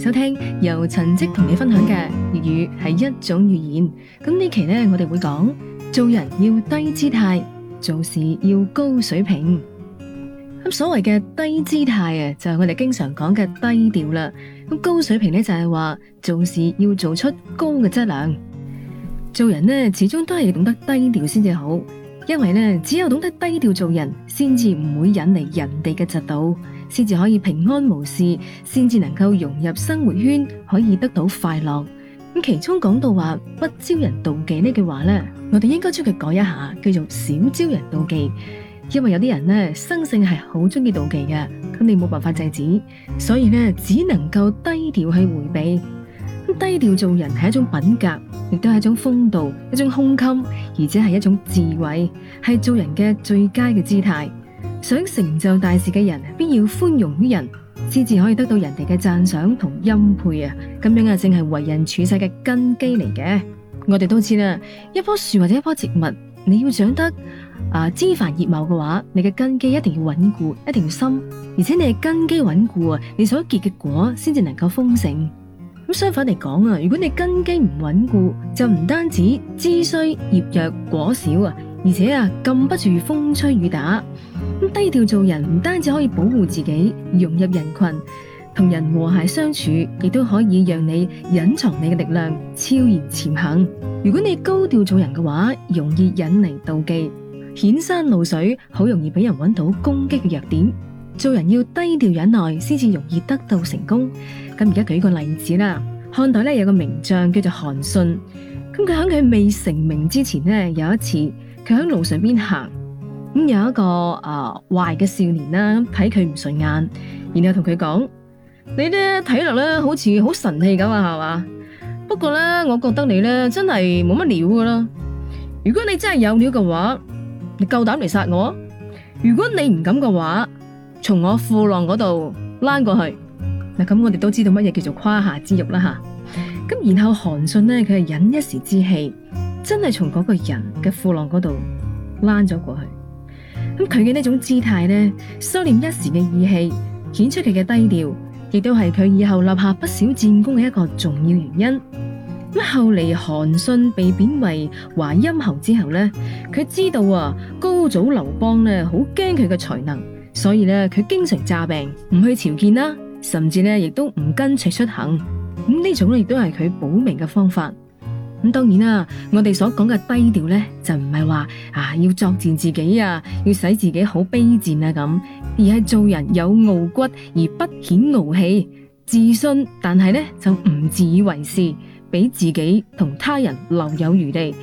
收聽由陳跡同你分享嘅粵語係一種語言。咁呢期咧，我哋會講做人要低姿態，做事要高水平。咁所謂嘅低姿態啊，就係我哋經常講嘅低調啦。咁高水平咧，就係話做事要做出高嘅質量。做人咧，始終都係要懂得低調先至好，因為咧，只有懂得低調做人，先至唔會引嚟人哋嘅嫉妒。先至可以平安無事，先至能夠融入生活圈，可以得到快樂。其中講到話不招人妒忌呢句話呢，我哋應該將佢改一下，叫做少招人妒忌。因為有啲人呢，生性係好鍾意妒忌嘅，咁你冇辦法制止，所以呢，只能夠低調去回避。低調做人係一種品格，亦都係一種風度，一種胸襟，而且係一種智慧，係做人嘅最佳嘅姿態。想成就大事嘅人，必要寬容於人，先至可以得到人哋嘅讚賞同欽佩啊。咁樣啊，正係為人處世嘅根基嚟嘅。我哋都知啦，一棵樹或者一棵植物，你要長得啊枝繁葉茂嘅話，你嘅根基一定要穩固，一定要深。而且你嘅根基穩固啊，你所結嘅果先至能夠豐盛。咁相反嚟講啊，如果你根基唔穩固，就唔單止枝衰葉弱果少啊，而且啊禁不住風吹雨打。低調做人唔單止可以保護自己，融入人群，同人和諧相處，亦都可以讓你隱藏你嘅力量，超然前行。如果你高調做人嘅話，容易引嚟妒忌，顯山露水，好容易俾人揾到攻擊嘅弱點。做人要低調忍耐，先至容易得到成功。咁而家舉個例子啦，漢代呢有個名將叫做韓信，咁佢喺佢未成名之前呢，有一次佢喺路上邊行。嗯、有一個誒壞、呃、嘅少年啦，咁睇佢唔順眼，然後同佢講：你咧睇落咧好似好神氣咁啊，係嘛？不過咧，我覺得你咧真係冇乜料噶咯。如果你真係有料嘅話，你夠膽嚟殺我；如果你唔敢嘅話，從我褲浪嗰度攋過去。嗱，咁我哋都知道乜嘢叫做胯下之辱啦。咁然後韓信咧，佢係忍一時之氣，真係從嗰個人嘅褲浪嗰度攋咗過去。咁佢嘅呢種姿態呢，收斂一時嘅意氣，顯出佢嘅低調，亦都係佢以後立下不少戰功嘅一個重要原因。咁後嚟韓信被貶為淮陰侯之後呢，佢知道啊高祖劉邦呢好驚佢嘅才能，所以呢，佢經常詐病唔去朝見啦，甚至呢亦都唔跟隨出行。咁呢種亦都係佢保命嘅方法。當然啦、啊，我哋所講嘅低調呢，就唔係話啊要作賤自己啊，要使自己好卑賤啊咁，而係做人有傲骨而不顯傲氣，自信但係呢，就唔自以為是，俾自己同他人留有餘地，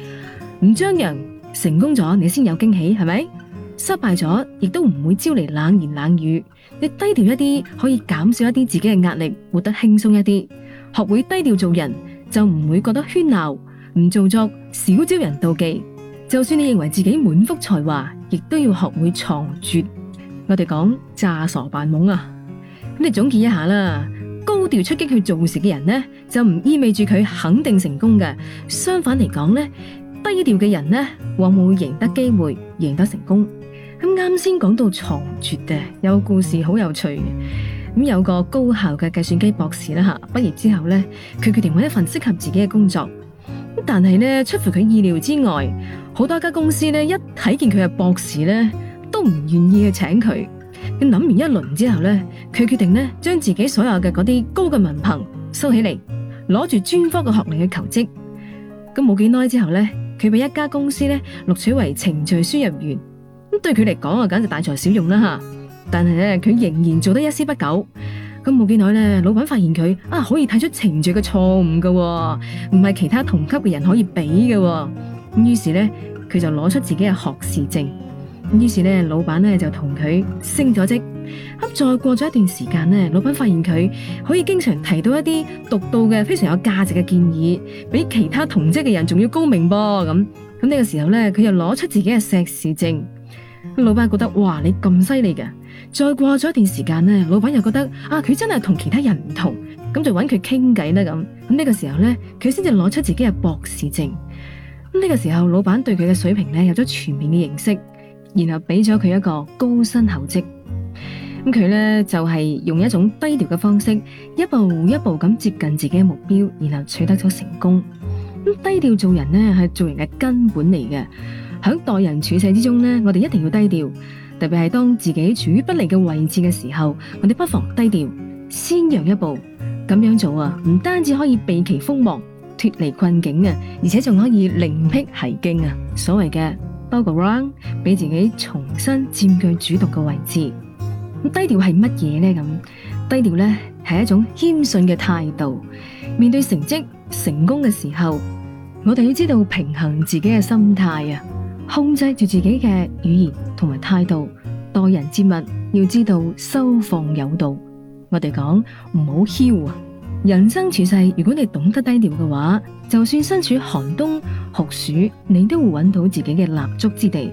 唔張揚，成功咗你先有驚喜，係咪？失敗咗亦都唔會招嚟冷言冷語。你低調一啲，可以減少一啲自己嘅壓力，活得輕鬆一啲。學會低調做人，就唔會覺得喧鬧。唔做作，少招人妒忌。就算你認為自己滿腹才華，亦都要學會藏拙。我哋講詐傻扮懵啊！咁你總結一下啦。高調出擊去做事嘅人呢，就唔意味住佢肯定成功嘅。相反嚟講呢，低調嘅人呢，往往會贏得機會，贏得成功。咁啱先講到藏拙嘅，有個故事好有趣嘅。咁有個高校嘅計算機博士啦，吓畢業之後呢，佢決定揾一份適合自己嘅工作。但係咧，出乎佢意料之外，好多家公司咧，一睇見佢係博士咧，都唔願意去請佢。佢諗完一輪之後咧，佢決定咧，將自己所有嘅嗰啲高嘅文憑收起嚟，攞住專科嘅學歷去求職。咁冇幾耐之後咧，佢被一家公司咧錄取為程序輸入員。咁對佢嚟講啊，簡直大材小用啦吓。但係咧，佢仍然做得一絲不苟。咁冇幾耐咧，老闆發現佢可以看出程序嘅錯誤嘅，唔係其他同級嘅人可以比嘅。咁於是咧，佢就攞出自己嘅學士證。咁於是咧，老闆咧就同佢升咗職。咁再過咗一段時間咧，老闆發現佢可以經常提到一啲獨到嘅非常有價值嘅建議，比其他同職嘅人仲要高明噃。咁呢個時候咧，佢又攞出自己嘅碩士證。老闆覺得哇，你咁犀利嘅！再過咗一段時間咧，老闆又覺得啊，佢真係同其他人唔同，咁就揾佢傾偈啦咁。咁呢個時候咧，佢先至攞出自己嘅博士證。咁呢個時候，老闆對佢嘅水平咧有咗全面嘅認識，然後俾咗佢一個高薪厚職。咁佢咧就係用一種低調嘅方式，一步一步咁接近自己嘅目標，然後取得咗成功。咁低調做人咧係做人嘅根本嚟嘅。喺待人處世之中呢，我哋一定要低調，特別係當自己處於不利嘅位置嘅時候，我哋不妨低調，先讓一步，咁樣做啊，唔單止可以避其鋒芒，脫離困境啊，而且仲可以另闢蹊徑啊，所謂嘅 back around，俾自己重新佔據主動嘅位置。低調係乜嘢呢？咁低調係一種謙遜嘅態度。面對成績成功嘅時候，我哋要知道平衡自己嘅心態啊。控制住自己嘅語言同埋態度，待人接物要知道收放有度。我哋講唔好囂啊！人生處世，如果你懂得低調嘅話，就算身處寒冬酷暑，你都會揾到自己嘅立足之地。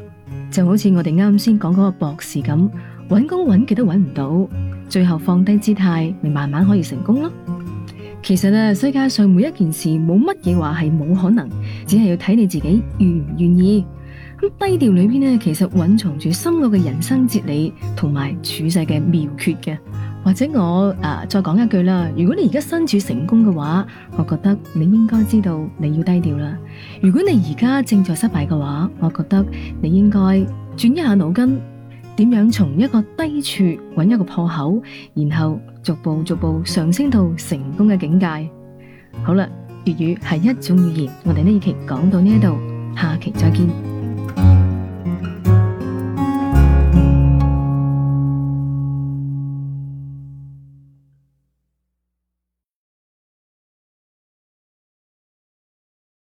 就好似我哋啱先講嗰個博士咁，揾工揾極都揾唔到，最後放低姿態，咪慢慢可以成功囉。其實啊，世界上每一件事冇乜嘢話係冇可能，只係要睇你自己願唔願意。咁低調裏面呢，其實蘊藏住深奧嘅人生哲理同埋處世嘅妙訣嘅。或者我、啊、再講一句啦，如果你而家身處成功嘅話，我覺得你應該知道你要低調啦。如果你而家正在失敗嘅話，我覺得你應該轉一下腦筋，點樣從一個低處揾一個破口，然後逐步逐步上升到成功嘅境界。好啦，粵語係一種語言，我哋呢期講到呢一度，下期再見。